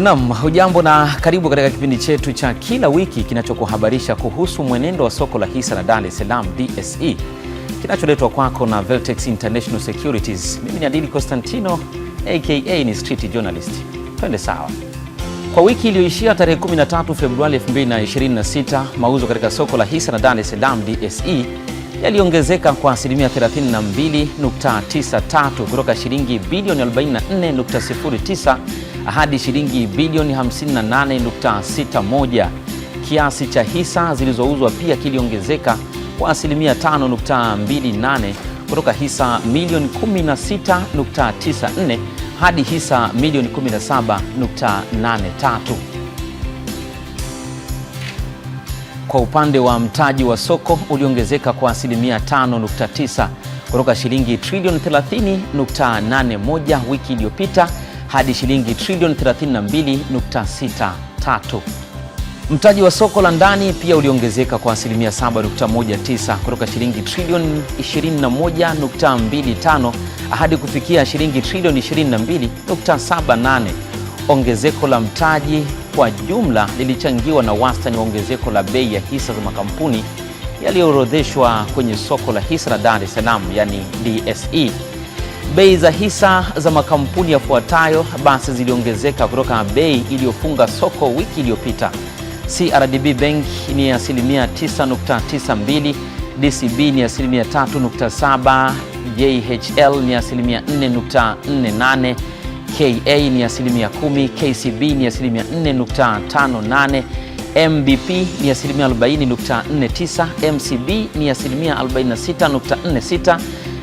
Naam, hujambo na karibu katika kipindi chetu cha kila wiki kinachokuhabarisha kuhusu mwenendo wa soko la hisa la Dar es Salaam DSE kinacholetwa kwako na Veltex International Securities. Mimi ni Adili Constantino aka ni street journalist. Twende sawa. Kwa wiki iliyoishia tarehe 13 Februari 2026, mauzo katika soko la hisa la Dar es Salaam DSE yaliongezeka kwa asilimia 32.93 kutoka shilingi bilioni 44.09 hadi shilingi bilioni 58.61. Kiasi cha hisa zilizouzwa pia kiliongezeka kwa asilimia 5.28 kutoka hisa milioni 16.94 hadi hisa milioni 17.83. Kwa upande wa mtaji wa soko uliongezeka kwa asilimia 5.9 kutoka shilingi trilioni 30.81 wiki iliyopita hadi shilingi trilioni 32.63. Mtaji wa soko la ndani pia uliongezeka kwa asilimia 7.19 kutoka shilingi trilioni 21.25 hadi kufikia shilingi trilioni 22.78. Ongezeko la mtaji kwa jumla lilichangiwa na wastani wa ongezeko la bei ya hisa za makampuni yaliyoorodheshwa kwenye soko la hisa la Dar es Salaam, yani DSE Bei za hisa za makampuni yafuatayo basi ziliongezeka kutoka bei iliyofunga soko wiki iliyopita. CRDB Bank ni asilimia 9.92, DCB ni asilimia 3.7, JHL ni asilimia 4.48, KA ni asilimia 10, KCB ni asilimia 4.58, MBP ni asilimia 40.49, MCB ni asilimia 46.46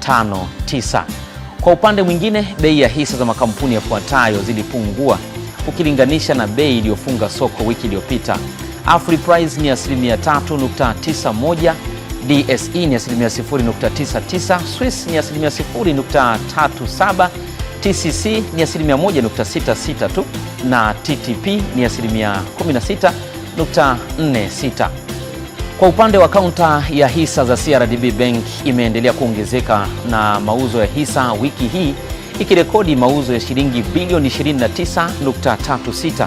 959. Kwa upande mwingine, bei ya hisa za makampuni yafuatayo zilipungua ukilinganisha na bei iliyofunga soko wiki iliyopita. Afriprice ni asilimia 3.91, DSE ni asilimia 0.99, Swiss ni asilimia 0.37, TCC ni asilimia 1.66 tu na TTP ni asilimia 16.46. Kwa upande wa kaunta ya hisa za CRDB Bank imeendelea kuongezeka na mauzo ya hisa wiki hii ikirekodi mauzo ya shilingi bilioni 29.36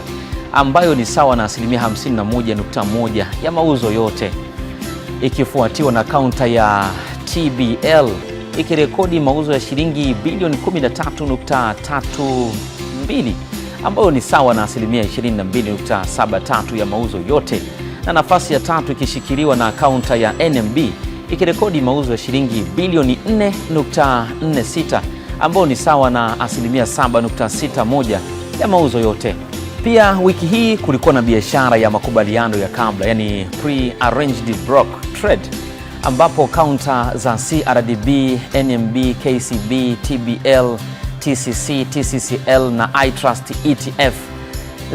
ambayo ni sawa na asilimia 51.1 ya mauzo yote, ikifuatiwa na kaunta ya TBL ikirekodi mauzo ya shilingi bilioni 13.32 ambayo ni sawa na asilimia 22.73 ya mauzo yote na nafasi ya tatu ikishikiliwa na akaunta ya NMB ikirekodi mauzo ya shilingi bilioni 4.46 ambao ni sawa na asilimia 7.61 ya mauzo yote. Pia wiki hii kulikuwa na biashara ya makubaliano ya kabla, yani pre-arranged block trade, ambapo kaunta za CRDB, NMB, KCB, TBL, TCC, TCCL na iTrust ETF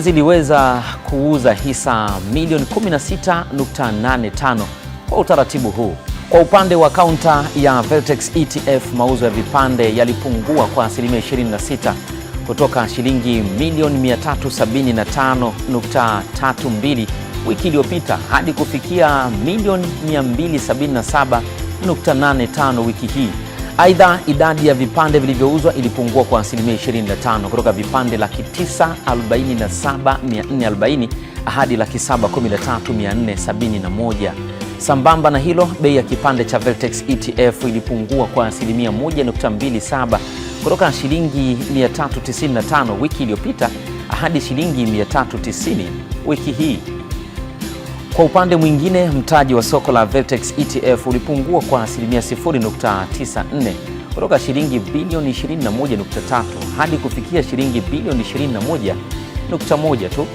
ziliweza kuuza hisa milioni 16.85 kwa utaratibu huu. Kwa upande wa kaunta ya Vertex ETF, mauzo ya vipande yalipungua kwa asilimia 26 kutoka shilingi milioni 375.32 wiki iliyopita hadi kufikia milioni 277.85 wiki hii. Aidha, idadi ya vipande vilivyouzwa ilipungua kwa asilimia 25 kutoka vipande laki 947,440 hadi laki 713,471. Sambamba na hilo, bei ya kipande cha Vertex ETF ilipungua kwa asilimia 1.27 kutoka shilingi 395 wiki iliyopita hadi shilingi 390 wiki hii. Kwa upande mwingine, mtaji wa soko la Vertex ETF ulipungua kwa asilimia 0.94 kutoka shilingi bilioni 21.3 hadi kufikia shilingi bilioni 21.1 tu.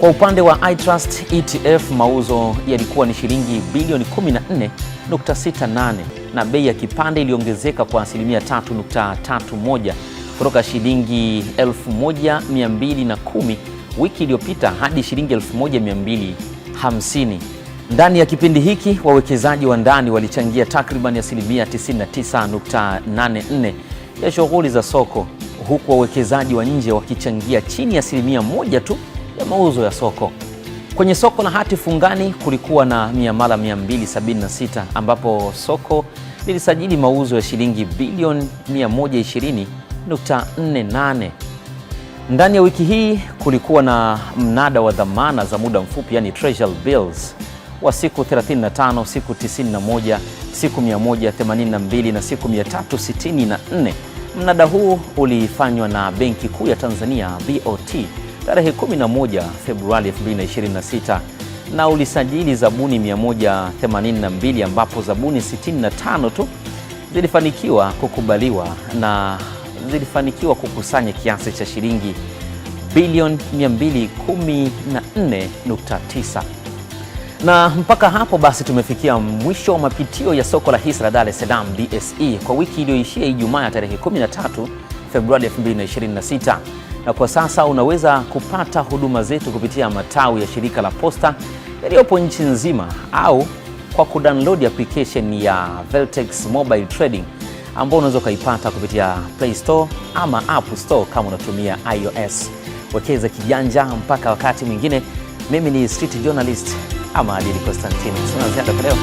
Kwa upande wa iTrust ETF mauzo yalikuwa ni shilingi bilioni 14.68 na bei ya kipande iliongezeka kwa asilimia 3.31 kutoka shilingi 1210 wiki iliyopita hadi shilingi 1200 50. Ndani ya kipindi hiki wawekezaji wa ndani walichangia takriban asilimia 99.84 ya shughuli za soko huku wawekezaji wa nje wakichangia chini ya asilimia moja tu ya mauzo ya soko. Kwenye soko la hati fungani kulikuwa na miamala 276 ambapo soko lilisajili mauzo ya shilingi bilioni 120.48 ndani ya wiki hii kulikuwa na mnada wa dhamana za muda mfupi yani treasury bills wa siku 35, siku 91, siku 182 na siku 364. Mnada huu ulifanywa na Benki Kuu ya Tanzania BOT tarehe 11 Februari 2026 na ulisajili zabuni 182 ambapo zabuni 65 tu zilifanikiwa kukubaliwa na zilifanikiwa kukusanya kiasi cha shilingi bilioni 214.9. Na mpaka hapo basi tumefikia mwisho wa mapitio ya soko la hisa la Dar es Salaam DSE kwa wiki iliyoishia Ijumaa ya tarehe 13 Februari 2026. Na kwa sasa unaweza kupata huduma zetu kupitia matawi ya shirika la posta yaliyopo nchi nzima au kwa kudownload application ya Veltex Mobile Trading ambao unaweza ukaipata kupitia Play Store ama App Store kama unatumia iOS. Wekeza kijanja mpaka wakati mwingine. Mimi ni street journalist ama Adili Constantine, tunaanzia leo.